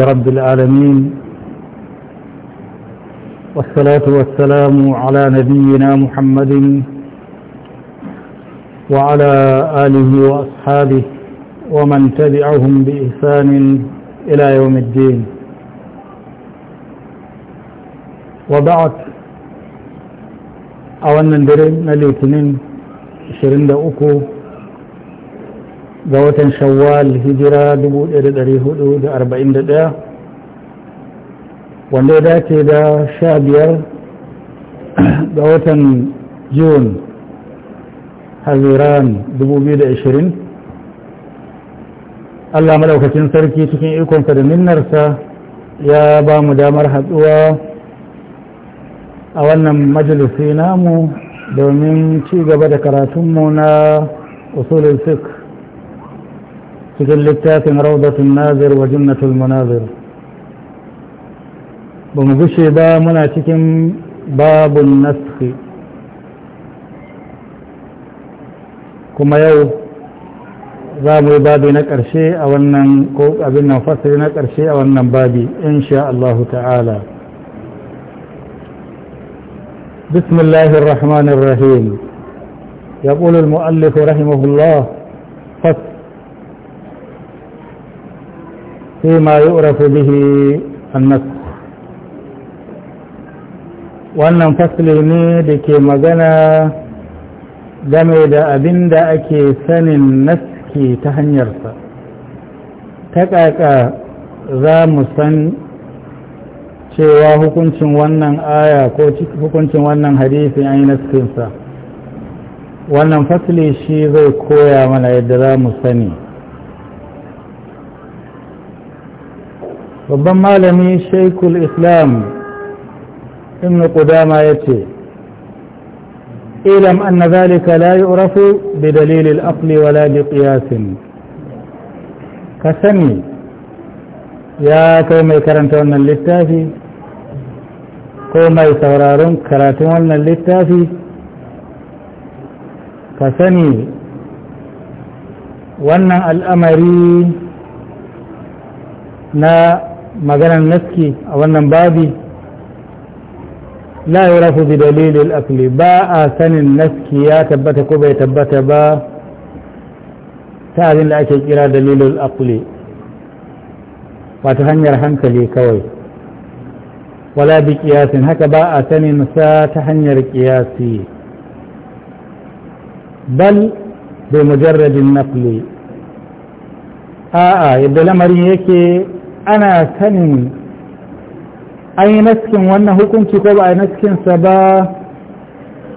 رب العالمين والصلاة والسلام على نبينا محمد وعلى آله وأصحابه ومن تبعهم بإحسان إلى يوم الدين وبعد أولا درين لليتنين 23 ga watan shawwal hijira 1441 wanda ya dace da sha biyar ga watan june haziran 2020 allah malaukacin sarki cikin ikonsa da minnarsa ya ba mu damar haɗuwa a wannan majalisi namu domin ci gaba da karatunmu na usulun sikh تقول للتاتم روضة الناظر وجنة المناظر بمغشي با مناتكم باب النسخ كما يو زامو بابي نكر شيء أو أنن أبنا فصل نكر شيء أو أنن بابي إن شاء الله تعالى بسم الله الرحمن الرحيم يقول المؤلف رحمه الله فصل فيما يعرف به النص wannan fasli ne da ke magana game da abin da ake sanin naski ta hanyarsa ta ƙaƙa za mu san cewa hukuncin wannan aya ko hukuncin wannan hadisin an yi naskinsa wannan fasli shi zai koya mana yadda za mu sani babban malami shaikul islam ibn ya yace ilam anna zalika la yu'rafu bi dalil al-aql wala bi qiyas ka sani ya kai mai karanta wannan littafi ko mai sauraron karatun wannan littafi ka sani wannan al'amari na maganar naski a wannan babi la yurafu bi dalilil akli ba a sanin naski ya tabbata ko bai tabbata ba ta abin da ake kira dalilul akli wata hanyar hankali kawai wala bi kiyasin haka ba a sanin sa ta hanyar kiyasi bal bi mujarradin naqli a'a yadda lamarin yake ana sanin an yi naskin wannan hukunci ko ba a yi naskinsa ba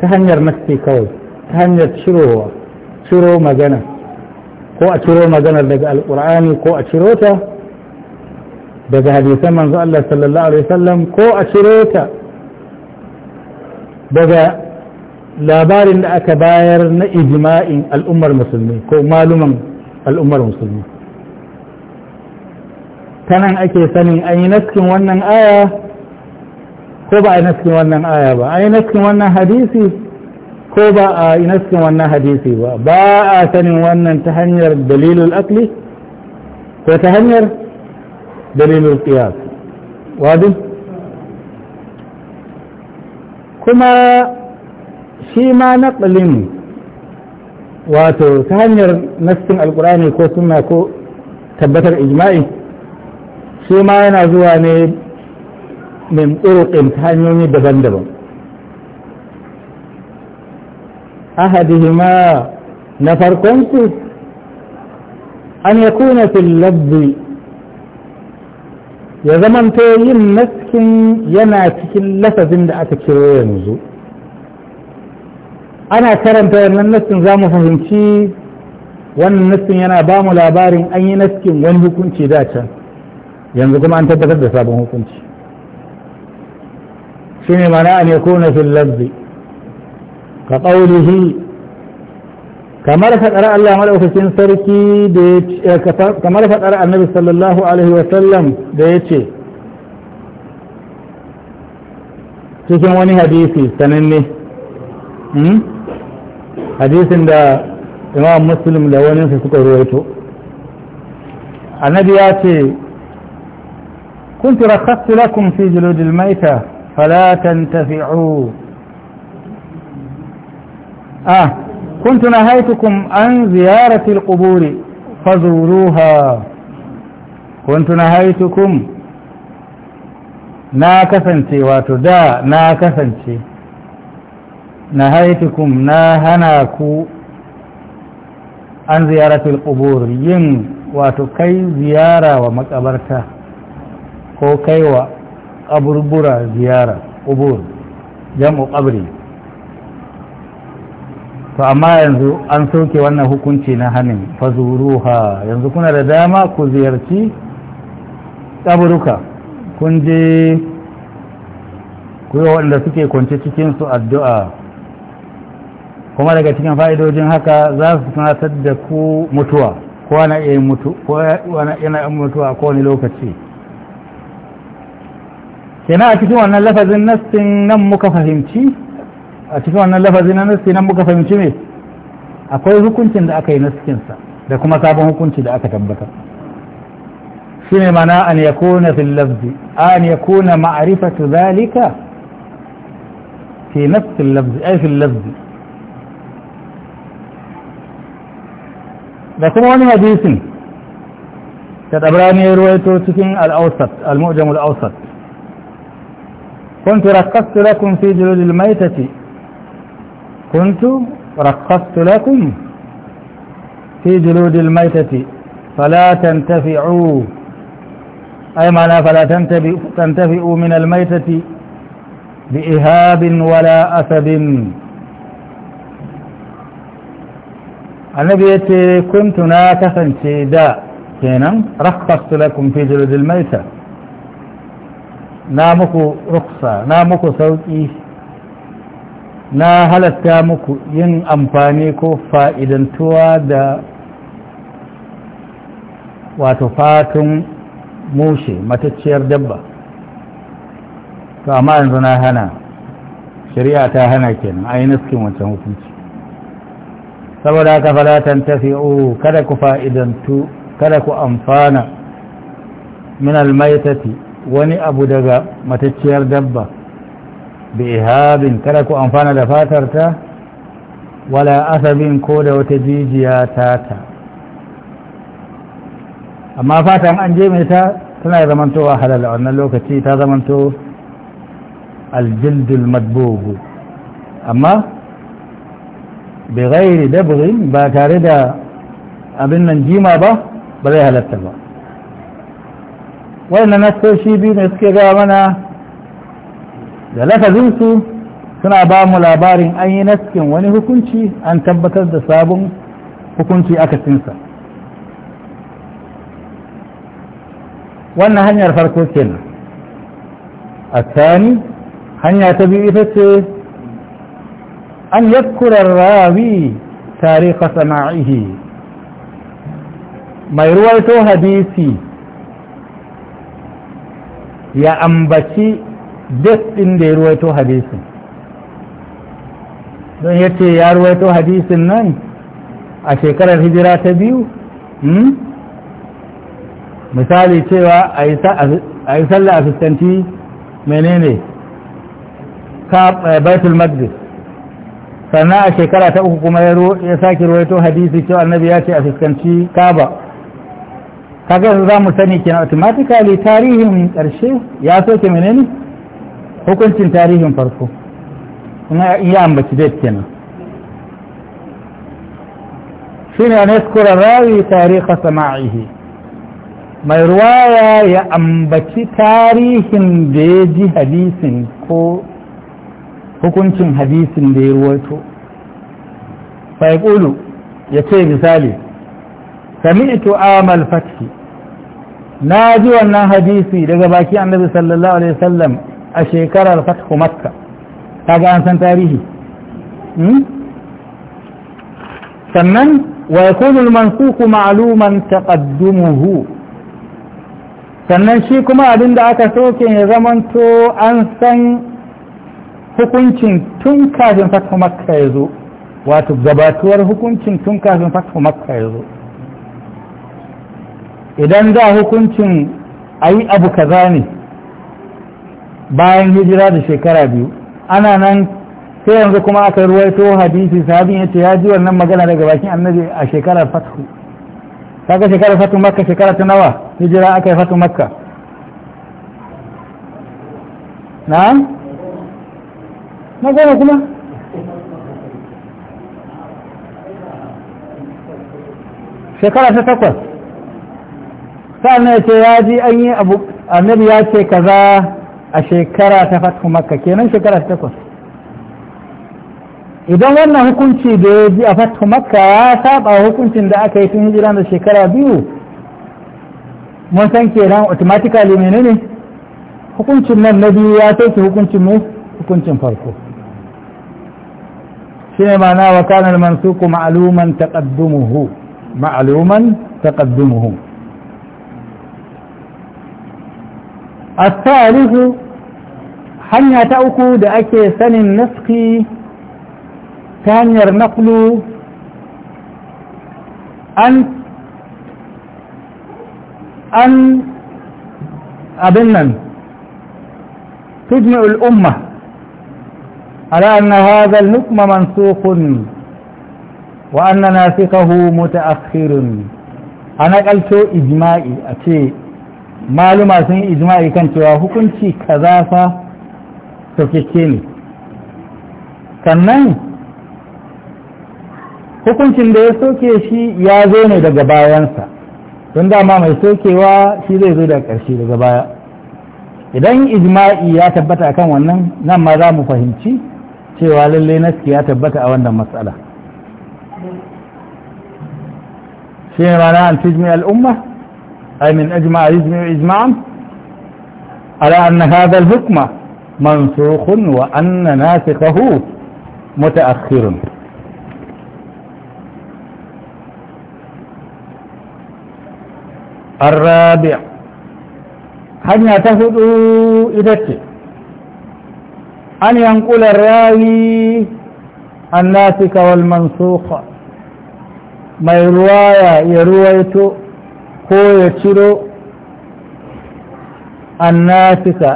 ta hanyar naski kawai ta hanyar cirowa ciro magana ko a ciro magana daga alkur'ani ko a ciro ta daga hadisan manzo Allah sallallahu alaihi wasallam ko a ciro ta daga labarin da aka bayar na ijima'in al'ummar musulmi ko maluman al'ummar musulmi ta nan ake sanin an yi naskin wannan aya ko ba a yi naskin wannan aya ba an yi naskin wannan hadisi ko ba a yi naskin wannan hadisi ba ba a sanin wannan ta hanyar dalilul akli ko ta hanyar dalilul qiyas wadin kuma shi ma naqlin wato ta hanyar naskin alqur'ani ko sunna ko tabbatar ijma'i shi ma yana zuwa ne min ɗin ta hanyoyi daban-daban ahadihima na farkon su an ya kuna labbi ya zamanta yin naskin yana cikin lafazin da aka kiro yanzu ana karanta wannan naskin za mu fahimci wannan naskin yana ba mu labarin an yi naskin wani hukunci da can yanzu kuma an tabbatar da sabon hukunci shine mana an yakuna fil lafzi ka qawlihi kamar fadar Allah madaukakin sarki da ya eh, kamar faɗar Annabi sallallahu alaihi wa sallam da ce. cikin wani hadisi sananne hmm? hadisin da imam muslim da wani su suka ruwaito annabi ya ce كنت رخصت لكم في جلود الميتة فلا تنتفعوا آه كنت نهيتكم عن زيارة القبور فزوروها كنت نهيتكم نا كفنتي واتدا نا كفنتي نهيتكم نا هناكو عن زيارة القبور ين واتكي زيارة ومكبرتها ko kai wa ƙaburbura ziyara ƙubur jam'u ƙabri to amma yanzu an sauke wannan hukunci na hannun fazuruha yanzu kuna da dama ku ziyarci ƙaburuka kun je ku yi waɗanda suke kwanci cikinsu addu'a kuma daga cikin fa'idojin haka za su tunatar da ku mutuwa ko na iya mutuwa ko wani lokaci kenan a cikin wannan lafazin nassin nan muka fahimci a cikin wannan lafazin na nan muka fahimci me akwai hukuncin da aka yi naskinsa da kuma sabon hukunci da aka tabbatar shi ne mana an ya kuna fil lafzi an ya kuna ma'arifatu zalika fi nassin lafzi ai fil lafzi da kuma wani hadisin da ɗabrani ya ruwaito cikin al-awsat al-mu'jam al-awsat كنت رقصت لكم في جلود الميتة كنت رقصت لكم في جلود الميتة فلا تنتفعوا أي معنى فلا تنتفئوا من الميتة بإهاب ولا أسد النبي كنت ناكسا شيدا كينا رخصت لكم في جلود الميتة na muku ruksa na muku sauƙi na halatta muku yin amfani ko fa'idantuwa da wato fatun mushe matacciyar dabba to amma yanzu na hana shari'a ta hana kenan a yi niskin wancan hukunci saboda haka falatan tafi'u kada ku fa'idantu kada ku amfana min almaitati wani abu daga matacciyar dabba bi ihabin kada ku amfana da fatar ta wala asabin ko da wata jijiya ta ta amma fatan an je mai ta tana zamantowa halal a wannan lokaci ta zamanto aljildul madbubu amma bi gairi dabrin ba tare da abin nan jima ba ba zai halatta ba waɗannan nasoshi biyu ne suke gaya mana da lafazinsu suna ba mu labarin an yi naskin wani hukunci an tabbatar da sabon hukunci akasinsa wannan hanyar farko kenan a tsani hanya ta biyu ita ce an yakkurar rawi tarihi sana'ihi mai ruwaito hadisi ya ambaci duk ɗin da ya ruwaito hadisin don ya ce ya ruwaito hadisin nan a shekarar hijira ta biyu hmm? misali cewa a yi salla a fuskanci menene eh, baitul magdis sannan a shekara ta uku kuma ya sake ruwaito hadisi cewa annabi ya ce a fuskanci kaba kaga yanzu za mu sani kina automatically tarihin ƙarshe ya soke menene hukuncin tarihin farko kuma iya ambaci date kenan shine an yaskura rawi tarihi sama'ihi mai ruwaya ya ambaci tarihin da ya ji hadisin ko hukuncin hadisin da ya ruwato faikulu ya ce misali sami'tu amal fathi na ji wannan hadisi daga baki annabi sallallahu alaihi wasallam a shekarar fathu makka kaga an san tarihi hmm? sannan wa yakunu al-mansukh ma'luman taqaddumuhu sannan shi kuma abin da aka soke ya zamanto an san hukuncin tun kafin fathu makka ya zo wato gabatuwar hukuncin tun kafin fathu makka ya zo idan za hukuncin a yi abu kaza ne bayan hijira da shekara biyu ana nan sai yanzu kuma aka ruwaito hadisi sahabin ya ce ya ji wannan magana daga bakin annabi a shekarar fathu kaga shekarar fathu makka shekara ta nawa hijira aka yi fathu makka na na gona kuma shekara ta takwas sannan ya ce ya ji an yi abu annabi ya ce kaza a shekara ta fatu makka kenan shekara ta takwas idan wannan hukunci da ya ji a fatu makka ya saba hukuncin da aka yi tun hijira da shekara biyu mun san kenan automatically menene hukuncin nan na biyu ya sauke hukuncin mu hukuncin farko shine ma'ana wa kana al-mansuku ma'aluman taqaddumuhu ma'luman taqaddumuhu الثالث hanya ta uku da ake sanin naski ta hanyar naklu an an abin nan tujmi al'umma ala anna hadha al-hukma mansukhun wa anna nasikahu mutaakhirun ana kalto ijma'i a ce maluma sun yi ijma'i kan cewa hukunci kaza fa sauƙaƙe ne sannan hukuncin da ya soke shi ya zo ne daga bayansa don dama mai sokewa shi zai zo daga ƙarshe daga baya idan ijma'i ya tabbata akan wannan nan ma za mu fahimci cewa lallai naski ya tabbata a wannan matsala shi ne rana an tijmi al'umma أي من أجمع الإجمع إجمعا على أن هذا الحكم منسوخ وأن ناسخه متأخر الرابع هل يعتقد إذاك أن ينقل الراوي الناسك والمنسوخ ما يروى يرويته ko ya ciro annasika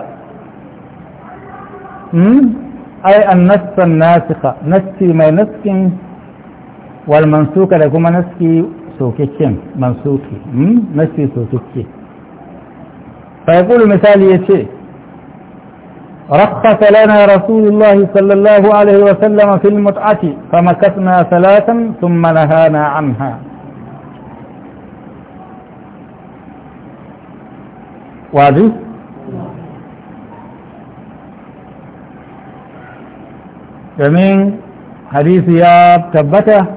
hmm? ai annassan nasika mai naskin wal mansuka da kuma naski sokakken mansuki hmm? naski sokakke فيقول مثال يتي رخص لنا رسول الله صلى الله عليه وسلم في المتعة فمكثنا ثلاثا ثم نهانا عنها wazi domin hadisi ya tabbata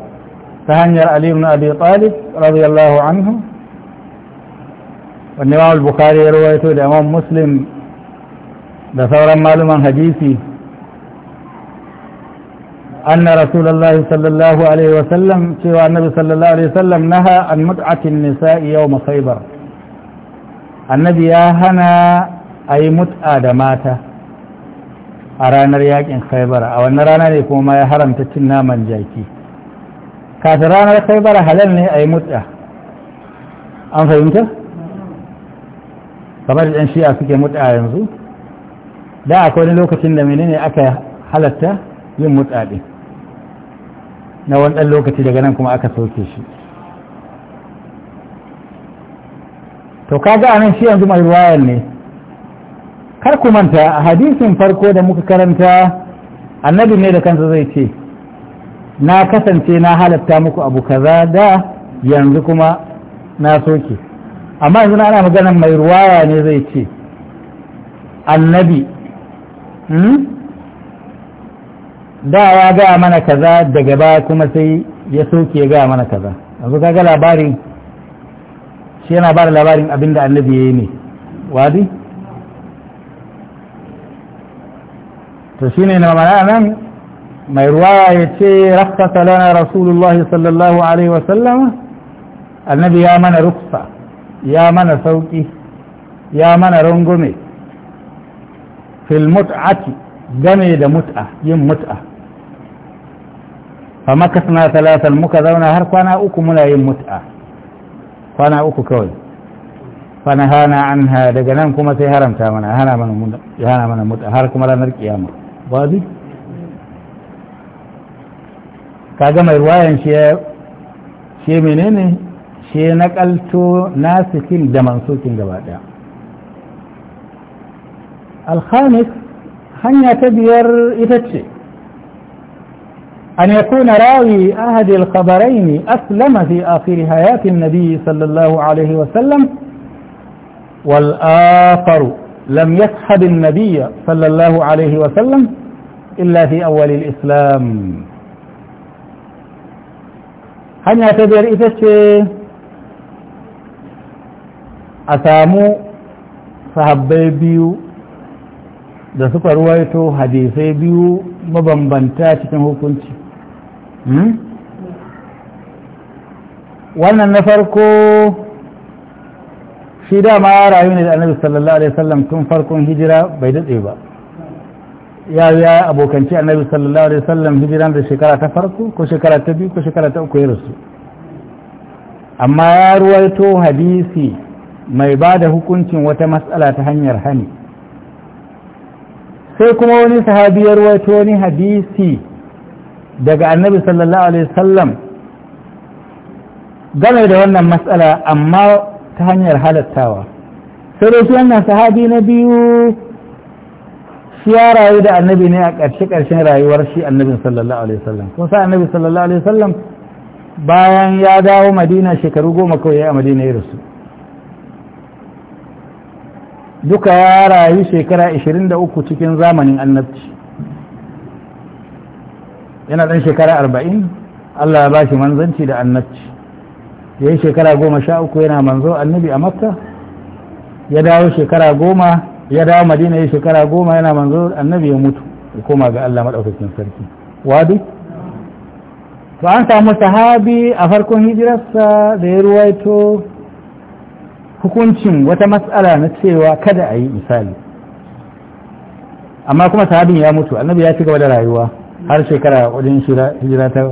ta hanyar aliyu na abi talib radiyallahu anhu wanda imam al-bukhari ya rawaito da imam muslim da sauran maluman hadisi أن رسول الله صلى الله عليه وسلم سوى النبي صلى الله عليه وسلم نهى عن متعة النساء يوم خيبر annabi ya hana a yi mut'a da mata a ranar yakin khaibara a wannan rana ne kuma ya haramta cin naman jaki kafin ranar khaibara halal ne a yi mut'a an fahimta? kamar da 'yan shi'a suke mut'a yanzu da akwai wani lokacin da menene aka halatta yin mut'a ɗin na wani ɗan lokaci daga nan kuma aka soke shi to ga anan shi yanzu mai ruwayar ne kar ku manta a hadisin farko da muka karanta annabi ne da kansa zai ce na kasance na halatta muku abu kaza da yanzu kuma na soke amma yanzu na ana maganan mai ruwaya ne zai ce annabi hmm? da ya ga mana kaza daga baya kuma sai ya soke ya ga mana kaza yanzu ka ga labarin shi yana ba da labarin abinda annabi ya yi ne wadi to shi ne na nan mai ruwa ya ce rafta lana rasulullahi sallallahu alaihi wasallama annabi ya mana ruksa ya mana sauki ya mana rungume fil mut'ati game da mut'a yin mut'a fa makasna talatan muka zauna har kwana uku muna yin mut'a kwana uku kawai fana hana an ha daga nan kuma sai haramta mana hana mana mutu har kuma ranar kiyama ba zai ga mai ruwayan shi shi menene shi na kalto nasikin da mansukin gaba daya alhamis hanya ta biyar ita ce أن يكون راوي أحد الخبرين أسلم في آخر حياة النبي صلى الله عليه وسلم والآخر لم يصحب النبي صلى الله عليه وسلم إلا في أول الإسلام هل يعتبر إذا أسامو صحبي بيو da suka ruwaito hadisai biyu mabambanta cikin hukunci Hmm? wannan na farko shi dama ya rayu ne da annabi sallallahu alaihi wasallam tun farkon hijira bai daɗe ba ya ya abokanci annabi sallallahu alaihi wasallam hijiran da shekara ta farko ko shekara ta biyu ko shekara ta uku ya rasu amma ya ruwaito hadisi mai ba da hukuncin wata matsala ta hanyar hani sai kuma wani sahabi ya ruwaito wani hadisi daga annabi sallallahu alaihi wasallam game da wannan matsala amma ta hanyar halattawa sai dai shi wannan sahabi na biyu shi ya rayu da annabi ne a ƙarshe ƙarshen rayuwar shi annabin sallallahu alaihi wasallam Kuma sa annabi sallallahu alaihi wasallam bayan ya dawo madina shekaru goma kawai ya a madina ya rasu duka ya rayu shekara 23 cikin zamanin annabci yana ɗan shekara arba'in allah ya ba shi manzanci da annabci ya yi shekara goma sha uku yana manzo annabi a makka ya dawo shekara goma ya dawo madina ya shekara goma yana manzo annabi ya mutu ya koma ga allah maɗaukakin sarki wadu to an samu sahabi a farkon hijirarsa da ya ruwaito hukuncin wata matsala na cewa kada a yi misali amma kuma sahabin ya mutu annabi ya ci gaba da rayuwa har shekara wajen hijira ta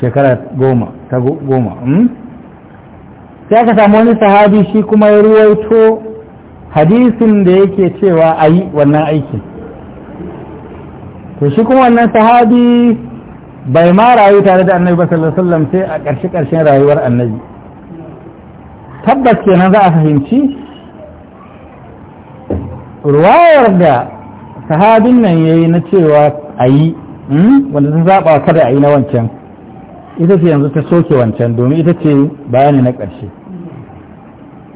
shekara goma ta goma hmm? sai aka samu wani sahabi shi kuma ya ruwaito hadisin da yake cewa a yi wannan aikin to shi kuma wannan sahabi bai ma rayu tare da annabi sallallahu alaihi sai a ƙarshe ƙarshen rayuwar annabi tabbas kenan za a fahimci ruwayar da sahabin nan ya yi na cewa a yi wanda sun zaɓa kada a yi na wancan ita ce yanzu ta soke wancan domin ita ce bayani na ƙarshe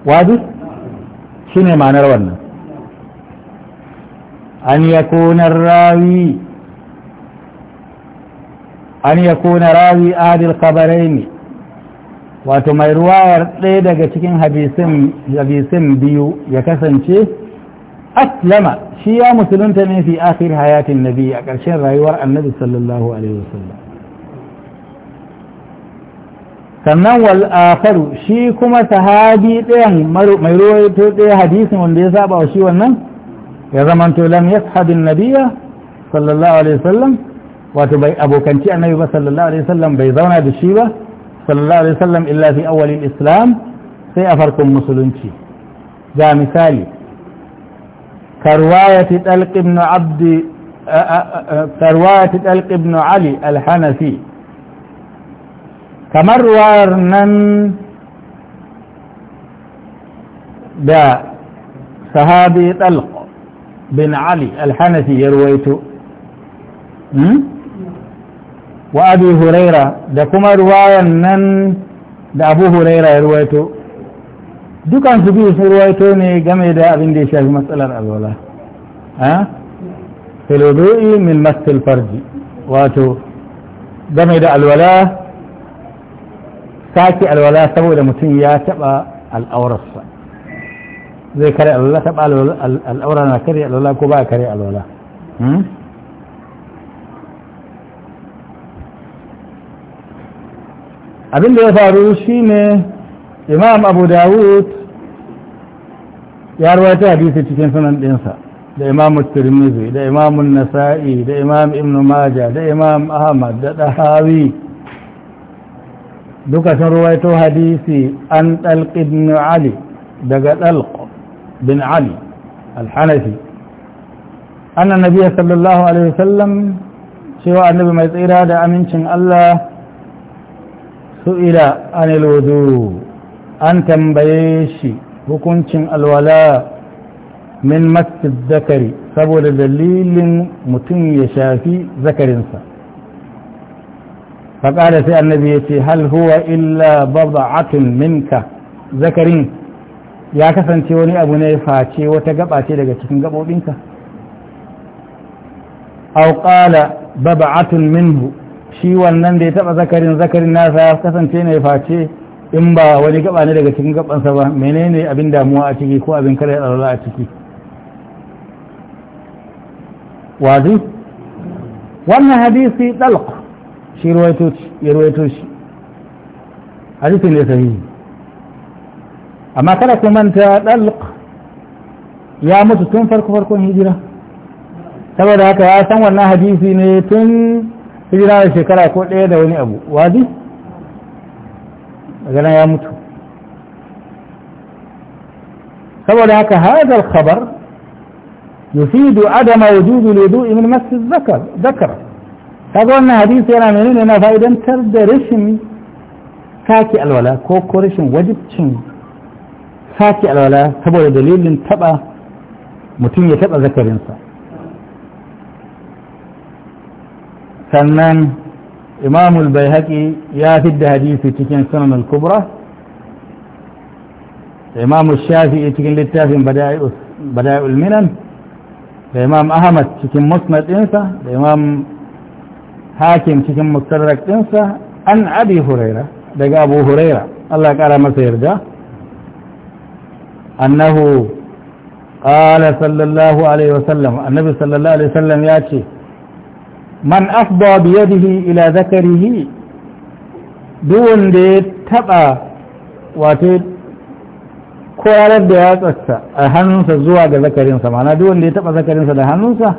wadu shi ne ma'anar wannan an yakuna rawi an yakuna rawi adil ne wato mai ruwayar ɗaya daga cikin habisin biyu ya kasance aslama shi ya musulunta ne fi akhir hayatin nabi a ƙarshen rayuwar annabi sallallahu alaihi wasallam sannan wal akharu shi kuma sahabi ɗayan mai ruwaito ɗaya hadisin wanda ya saba wa shi wannan ya zamanto lam yashabin nabiya sallallahu alaihi wasallam wato bai abokanci annabi ba sallallahu alaihi wasallam bai zauna da shi ba sallallahu alaihi wasallam illa fi awwalil islam sai a farkon musulunci ga misali فروايه تلق ابن عبد آه، آه، آه، فروايه تلق ابن علي الحنفي كما روارنا ده صحابي تلق بن علي الحنفي يرويته وابي هريره ده كما روايه من ابو هريره يرويته dukan su biyu sun ruwaito ne game da abin da ya shafi matsalar alwala a filodo'i min mastil farji wato game da alwala sake alwala saboda mutum ya taba al'aurarsa zai kare alwala taba al'aura na kare alwala ko ba kare alwala hmm? abin da ya faru shine imam abu dawud ya rawaita hadisi cikin sunan ɗinsa da imam tirmizi da imam nasa'i da imam ibn maja da imam ahmad da dahawi duka sun rawaito hadisi an dalq ibn ali daga dalq bin ali al-hanafi anna nabiyya sallallahu alaihi wasallam cewa annabi mai tsira da amincin Allah su'ila anil wudu an tambaye shi hukuncin alwala min masjid zakari saboda dalilin mutum ya shafi zakarinsa faƙada sai annabi ya ce hal huwa illa baba'atun minka zakarin ya kasance wani abu ne face wata gaba ce daga cikin gaɓoɓinka auƙala baba'atun minhu shi wannan da ya taɓa zakarin zakarin nasa ya kasance ne face in ba wani gaba ne daga cikin gabansa ba menene abin damuwa a ciki ko abin kare alwala a ciki wazi wannan hadisi dalq shi ruwaito shi ya ruwaito shi hadisi ne sahi amma kada ku manta dalq ya mutu tun farko farkon hijira saboda haka ya san wannan hadisi ne tun hijira da shekara ko ɗaya da wani abu wazi magana ya mutu saboda haka hadal khabar yufidu adama wujudu lidu min masjid zakar zakar kaga wannan hadisi yana menene na fa'idantar da rashin saki alwala ko ko rashin wajibcin saki alwala saboda dalilin taba mutum ya taba zakarinsa sannan Imamul al-baihaqi ya fidda hadisi cikin sunan al-kubra da imam shafi'i cikin littafin bada'ul minan imam ahmad cikin musnad ɗinsa imam hakim cikin mustarrak ɗinsa an abi huraira daga abu huraira Allah ƙara masa yarda annahu قال صلى الله عليه وسلم النبي صلى الله عليه وسلم ياتي man afda yadihi ila zakarihi duk wanda ya taba wato koyarar da yatsarsa a hannunsa zuwa ga zakarinsa mana duk wanda ya taba zakarinsa da hannunsa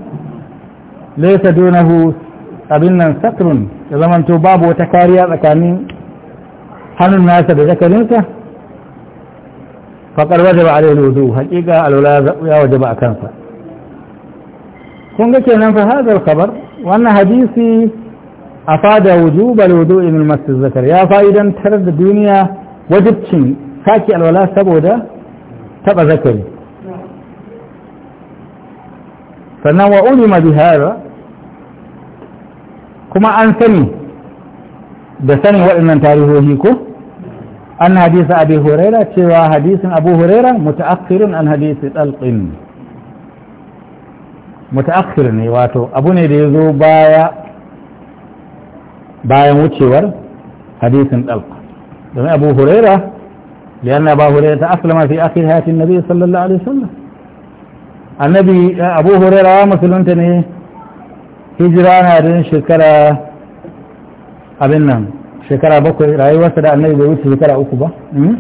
laisa dunahu abin nan satrun ya zamanto babu wata kariya tsakanin hannun nasa da zakarinsa faƙar wajaba alaihi wudu haƙiƙa alwala ya wajaba a kansa kun ga kenan fa kabar khabar wannan hadisi afada wujub alwudu'i min masjid zakar ya fa'idan tar da duniya wajibcin saki alwala saboda taba zakari sannan wa ulima bi hada kuma an sani da sanin waɗannan tarihohi ko an hadisa abi huraira cewa hadisin abu huraira mutaakhirun an hadisi talqin mutaakhir ne wato abu ne da ya zo baya bayan wucewar hadisin dalq domin abu huraira yana ba huraira ta aslama fi akhir hayati nabi sallallahu alaihi wasallam annabi abu huraira wa musulunta ne hijira na da shekara abin nan shekara bakwai rayuwarsa da annabi bai wuce shekara uku ba hmm?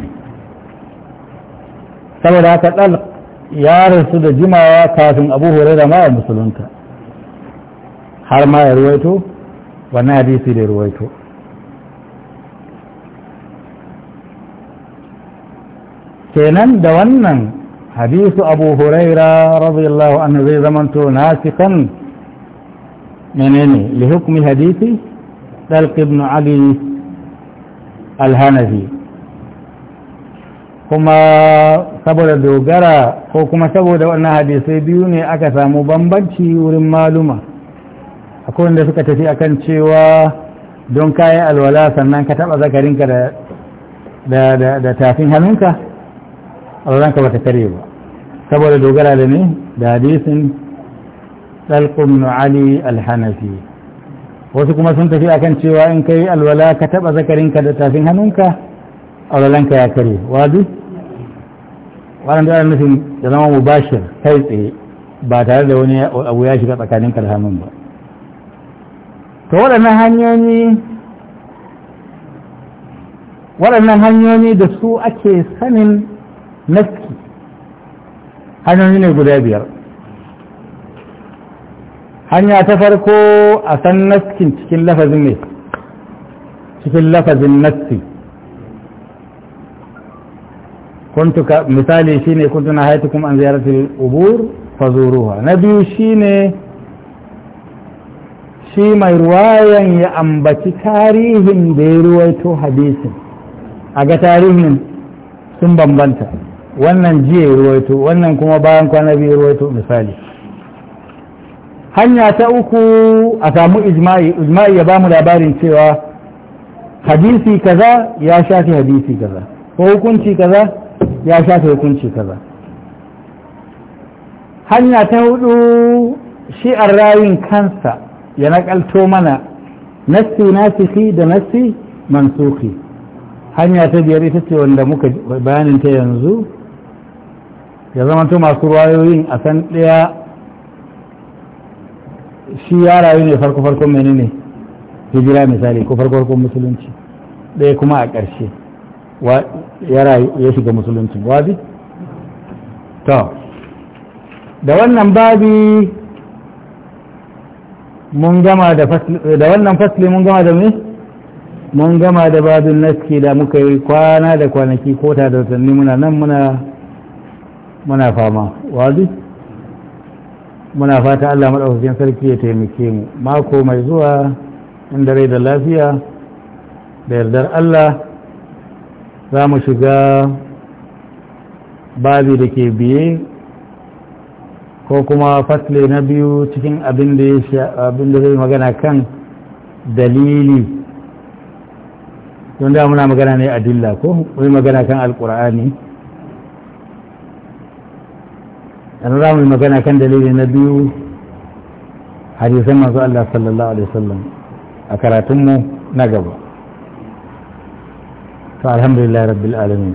saboda haka dalq ya rasu da jimawa kafin abu huraira ma ya musulunta har ma ya ruwaito wannan hadisi da ruwaito kenan da wannan hadisu abu huraira radiyallahu anhu zai zamanto nasikan menene li hukumi hadisi al ibn ali al-hanafi kuma saboda dogara ko kuma saboda wannan hadisai biyu ne aka samu bambanci wurin maluma akwai wanda suka tafi akan cewa don kayan alwala sannan ka taba zakarinka da da da da tafin hannunka alwalanka bata kare ba saboda dogara da ne da hadisin dalqum ali al wasu kuma sun tafi akan cewa in kai alwala ka taba zakarinka da tafin hannunka aurelanka ya kare wadu waɗanda ana nufin da zama mubashir kai tsaye ba tare da wani abu ya shiga tsakanin karhamin ba ta waɗannan hanyoyi waɗannan hanyoyi da su ake sanin nafki hanyoyi ne guda biyar hanya ta farko a san nafkin cikin lafazin ne cikin lafazin naskin kuntuka misali shine kuntuna hayatukum an ziyaratil qubur fazuruha na biyu shine shi mai ruwayan ya ambaci tarihin da ya ruwaito hadisin a ga tarihin sun bambanta wannan jiya ruwaito wannan kuma bayan kwana biyu ruwaito misali hanya ta uku a samu ijma'i ijma'i ya bamu labarin cewa hadisi kaza ya shafi hadisi kaza ko hukunci kaza ya shafe hukunci kaza hanya ta hudu shi rayun kansa ya nakalto mana nassi nasiki da nassi mansuki hanya ta biyar ita ce wanda muka bayanin ta yanzu ya zama to masu rayoyin a san ɗaya shi ya rayu ne farko-farkon menene hijira misali ko farko-farkon musulunci ɗaya kuma a ƙarshe ya shiga musulunci wazi? to da wannan babi mun gama da wannan fasli mun gama da me? mun gama da babin naski da muka yi kwana da kwanaki ko ta da watanni muna nan muna muna fama wazi? muna fata Allah maɗaukakin sarki ya taimake mu mako mai zuwa inda rai da lafiya da yardar Allah za mu shiga babi da ke biye ko kuma fasle na biyu cikin abin da zai magana kan dalili don da muna magana ne a dilla ko wani magana kan alkur'ani yanzu za mu yi magana kan dalili na biyu hadisan masu Allah sallallahu alaihi wasallam a karatunmu na gaba to alhamdulillah rabbil alamin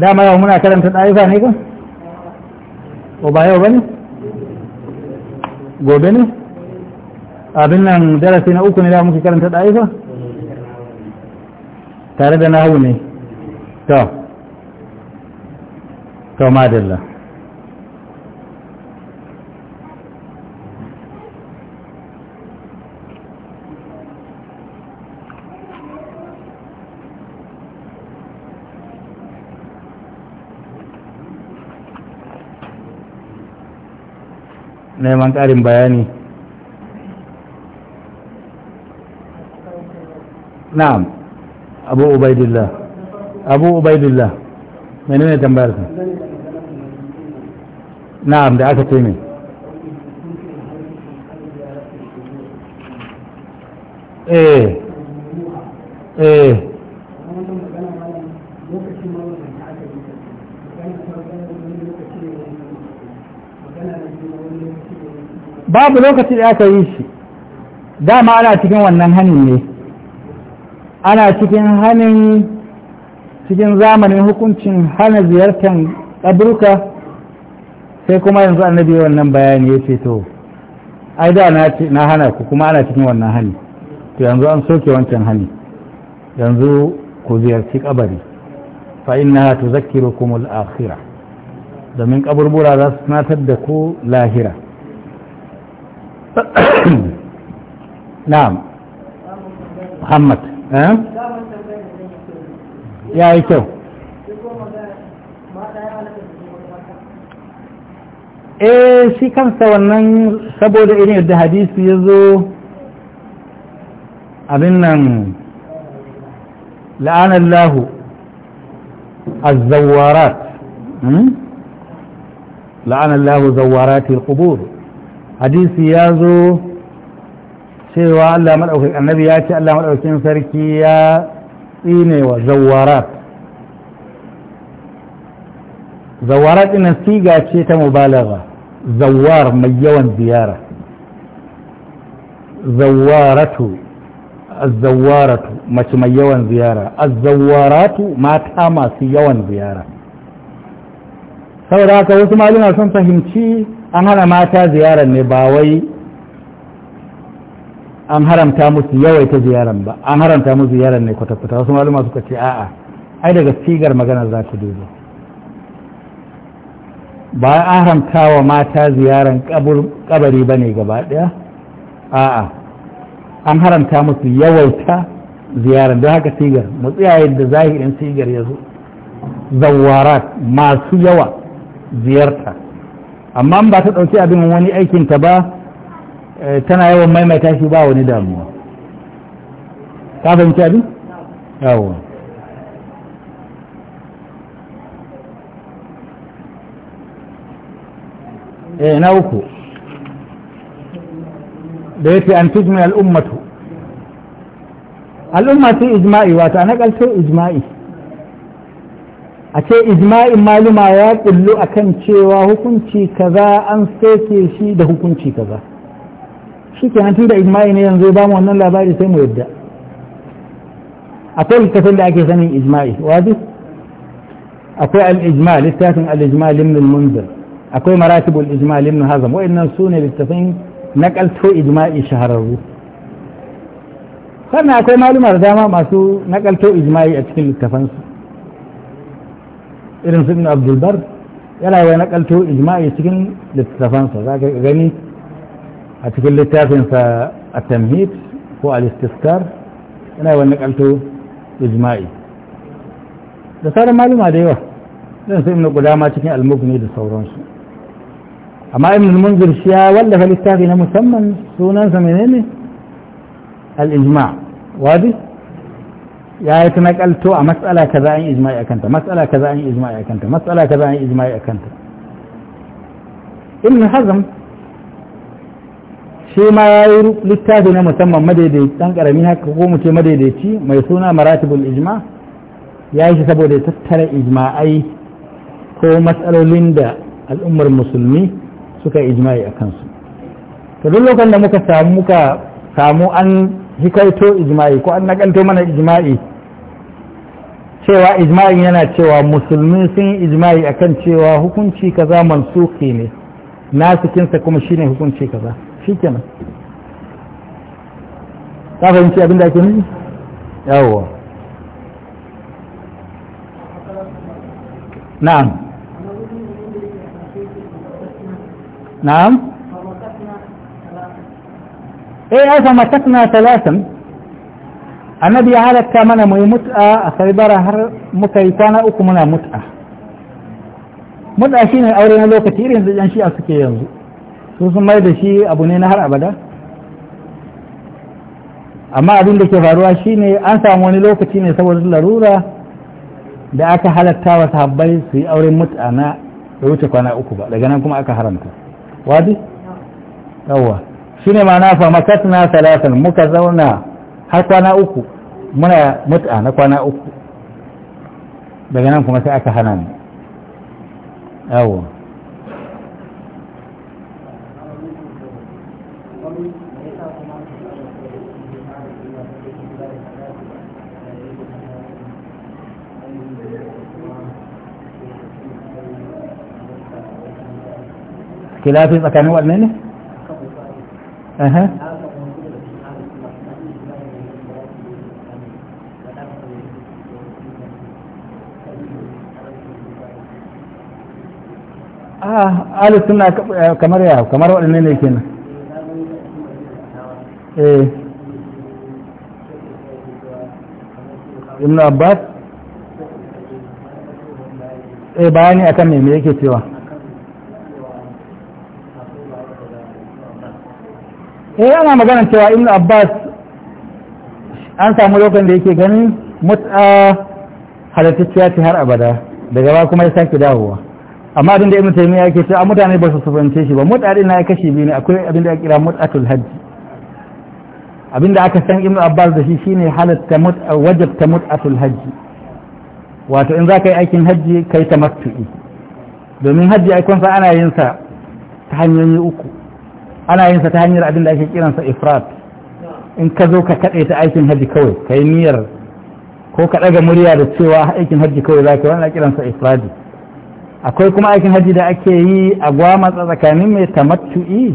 dama yau muna karanta daifa ne ko ko ba yau bane gobe ne? abin nan darasi na uku ne da muke karanta daifa tare da nahu ne to to madalla neman ƙarin bayani na'am abu ubaidillah abu ubaidillah mai nuna tambayar ka na'am da aka ce ne eh eh babu lokaci da aka yi shi dama ana cikin wannan hanin ne ana cikin hanin cikin zamanin hukuncin hana ziyartar ƙaburka sai kuma yanzu annabi wannan bayani ya ce to ai da na hana ku kuma ana cikin wannan hani to yanzu an soke wancan hani yanzu ku ziyarci kabari fa inna al akhirah domin kaburbura za su tunatar da ku lahira نعم محمد يا ايتو ايه شي سوى سوانن سبوده اني يد حديث يزو ابنن لعن الله الزوارات لعن الله زوارات القبور حديث يازو شيوا الله ملعوك النبي ياتي الله ملعوك سركيا إيني وزوارات زوارات إن سيقا شيئة مبالغة زوار ميوان زيارة زوارات الزوارة ما تميوان زيارة الزوارات ما تاما سيوان زيارة سوى ذاك وثم علينا شون an hana mata ziyarar ne ba wai an haramta musu yawaita ziyarar ba an haramta musu ziyarar ne kwatakwata wasu maluma suka ce a'a ai daga sigar magana za ku dubo ba an haramta wa mata ziyarar kabari ba ne gaba daya a'a an haramta musu yawaita ziyarar don haka sigar mu tsaya da zahirin sigar ya zo zawarat masu yawa ziyarta amma ba ta ɗauki abin wani aikinta ba eh, tana yawan maimaita shi ba wani damuwa ta fahimci abin? yawon. eh na uku da fi an tujmin al'ummatu al'ummatu ce ijma'i wata na ƙarshe ijma'i a ce ijma'in maluma ya kullu akan cewa hukunci kaza an soke shi da hukunci kaza shi ke hantu da ijma'i ne yanzu ba mu wannan labari sai mu yadda akwai littafin da ake sanin ijma'i wazi akwai al-ijma littafin al-ijma limn al-munzir akwai maratibul ijma limn hazam wa'annan su ne littafin nakalto ijma'i shahararru sannan akwai malumar dama masu nakalto ijma'i a cikin littafansu irin su ibn abdulbar yana ya nakalto ijma'i cikin littafansa za ka gani a cikin littafinsa a tamhid ko al-istiskar yana ya nakalto ijma'i da sauran maluma da yawa zan su ibn qudama cikin almugni da sauransu amma ibn munzir shi ya wallafa littafi na musamman sunansa menene al-ijma' wadi ya yi ta nakalto a matsala yi an a akanta matsala yi an a akanta matsala yi an a akanta ibn hazm shi ma ya yi littafi na musamman madaidaici ɗan ƙarami haka ko mu ce madaidaici mai suna maratibul ijma ya yi shi saboda tattara ijma'ai ko matsalolin da al'ummar musulmi suka ijma'i a kansu to duk lokacin da muka samu muka samu an hikaito ijma'i ko an nakalto mana ijma'i cewa ijma'i yana cewa musulmi sun yi ijma'i akan cewa hukunci kaza mansuki ne sa kuma shine hukunci kaza shikenan ka fahimci abin da ake nufi yawwa na'am na'am e ايه اذا متكنا ثلاثا annabi ya halatta mana mai mut'a a saibara har muka yi kwana uku muna mut'a mut'a shine aure na lokaci irin da yan shi'a suke yanzu su sun mai da shi abu ne na har abada amma abin da ke faruwa shine an samu wani lokaci ne saboda larura da aka halatta wa sahabbai su yi auren mut'a na da wuce kwana uku ba daga nan kuma aka haramta wadi yawwa shine ma'ana fama katina salatan muka zauna har kwana uku muna mut'a na kwana uku daga nan kuma sai aka hana ni yawo kilafin tsakanin waɗannan ne? aha Ali ah, suna eh, kamar ya kamar waɗanne ne kenan eh ibn abbas eh bayani akan me me yake cewa eh ana magana cewa ibn abbas an samu lokacin da yake ganin mut'a halattacciya ce har abada daga ba kuma ya sake dawowa amma abin da ibn taymiya yake cewa mutane ba su sufance shi ba mut'a din na kashe biyu ne akwai abin da ya kira mut'atul hajj abin da aka san ibn abbas da shi shine halatta mut'a wajabta mut'atul hajj wato in za ka yi aikin hajji kai tamattu'i domin hajji aikon ana yin sa ta hanyoyi uku ana yin sa ta hanyar abin da ake kiransa ifrat in ka zo ka kaɗe ta aikin hajji kawai ka yi niyyar ko ka ɗaga murya da cewa aikin hajji kawai za ka wani kiransa ifradi akwai kuma aikin hajji da ake yi a gwama tsakanin mai tamattu'i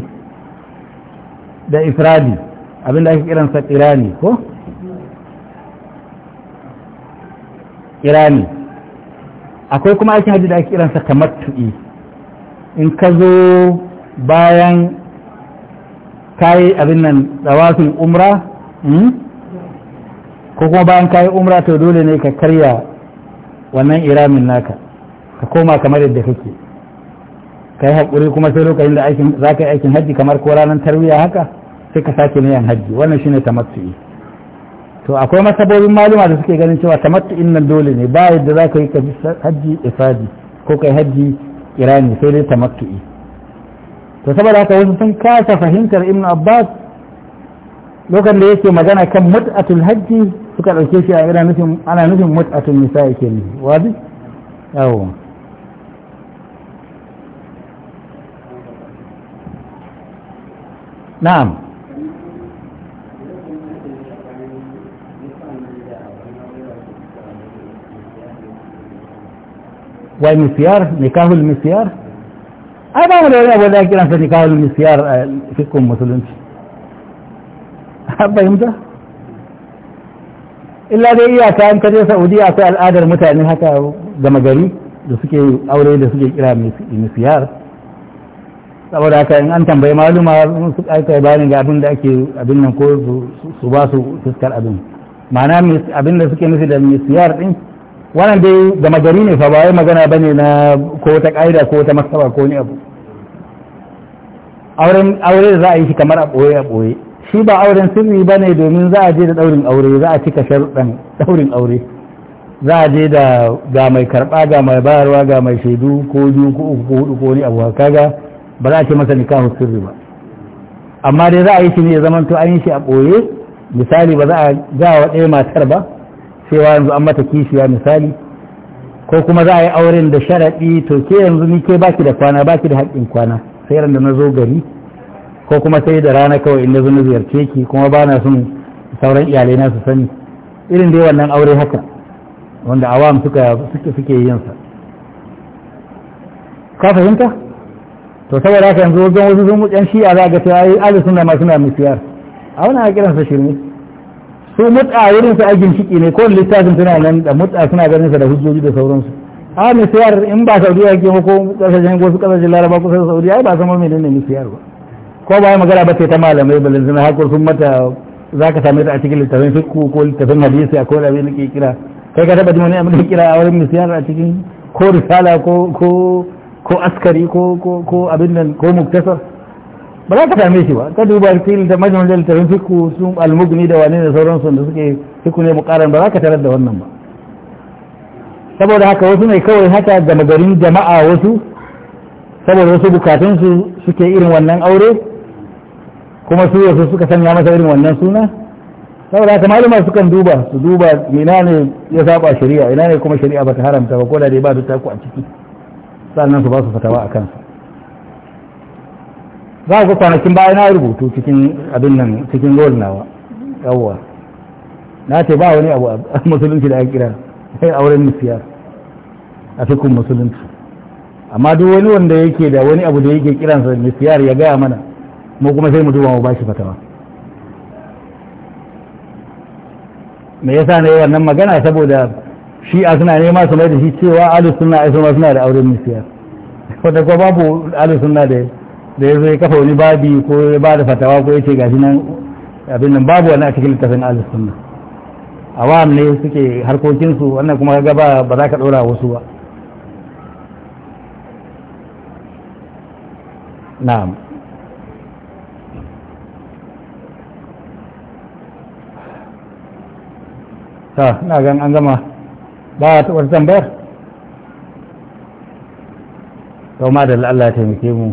da ifradi abin da ake kiransa Irani ko Irani? akwai kuma aikin hajji da ake kiransa tamattu'i in ka zo bayan kayi abin nan tsawafin umra hmm? ko kuma bayan kayi umra to dole ne ka karya wannan iramin naka ka koma kamar yadda kake ka yi haƙuri kuma sai lokacin da za ka yi aikin hajji kamar ko ranar tarwiyya haka sai ka sake niyan hajji wannan shine tamattu'i to akwai masabobin maluma da suke ganin cewa tamattu'in nan dole ne ba yadda za ka yi hajji ifadi ko kai hajji irani sai dai tamattu'i to saboda haka wasu sun kasa fahimtar ibn abbas lokacin da yake magana kan mut'atul hajji suka ɗauke shi a irin nufin ana nufin mut'atul nisa yake ne wazi yawo na'am wai misiyar nikahul misiyar ai ba mu da wani abu da kiran sa nikahul misyar a eh, cikin musulunci fahimta illa dai iyaka an kaje saudiya akwai al'adar mutane haka gama gari da suke aure da suke kira misyar saboda haka in an tambayi maluma su aika bani ga abin da ake abin nan ko su ba su fuskar abin ma'ana abin da suke nufi da misyar din wannan dai gama gari ne fa ba wai magana bane na ko ta ƙa'ida ko ta masaba ko ni abu auren aure da za a yi shi kamar a ɓoye a boye shi ba auren sirri ba ne domin za a je da ɗaurin aure za a cika sharuɗan ɗaurin aure za a je da ga mai karɓa ga mai bayarwa ga mai shaidu ko biyu ko uku ko hudu ko ni abu kaga ba za a ce masa nikahu sirri ba amma dai za a yi shi ne ya to an yi shi a ɓoye misali ba za a wa ɗaya matar ba cewa yanzu an mata kishiya misali ko kuma za a yi auren da sharaɗi to ke yanzu ni ke baki da kwana baki da haƙƙin kwana sai ran da na zo gari ko kuma sai da rana kawai in na zo na ziyarce ki kuma ba na son sauran iyalai na su sani irin dai wannan aure haka wanda awam suka suke suke yin sa ka fahimta to saboda haka yanzu wajen wasu sun mutsan shi'a za ga cewa ai azu suna ma suna misiyar a wani wannan kiransa shirme su mut'a wurin su a ginshiki ne kowane littafin suna nan da mutsa suna ganin sa da hujjoji da sauransu a misiyar in ba saudiya yake ko kasashen su kasashen laraba ko sai saudi ai ba san mai ne misiyar ba ko ba magana ba ce ta malamai balin suna hakur sun mata za ka same ta a cikin littafin fikku ko littafin hadisi a kowane abin da ke kira kai ka taba wani abin da kira a wurin misiyar a cikin ko risala ko ko ko askari ko ko ko abin nan ko muktasar ba za ka same shi ba ka duba fil da majmal da fiku sun almugni da wani da sauransu da suke fiku ne mukaran ba za ka tarar da wannan ba saboda haka wasu ne kawai haka gama garin jama'a wasu saboda wasu bukatunsu suke irin wannan aure kuma su wasu suka sanya masa irin wannan suna saboda haka malama kan duba su duba ina ne ya saba shari'a ina ne kuma shari'a ba ta haramta ba ko da dai ba ta ku a ciki sannan su ba su fatawa a kansu za ku kwanakin baya na rubutu cikin abin nan cikin gol nawa yawwa na ce ba wani abu a musulunci da ya kira sai auren misiyar a cikin musulunci amma duk wani wanda yake da wani abu da yake kiransa misiyar ya gaya mana mu kuma sai mu duba mu bashi fatawa me yasa ne wannan magana saboda shi a suna nema su mai da shi cewa alu suna suna da auren misiyar wanda kuma babu alu suna da da ya zo ya kafa wani babi ko ya ba da fatawa ko ya ce gashi nan abin nan babu wani a cikin littafin ahlus sunna awam ne suke harkokinsu wannan kuma ga ba ba za ka ɗora wasu ba na'am ta na gan an gama ba ta wata tambayar to ma da Allah ya taimake mu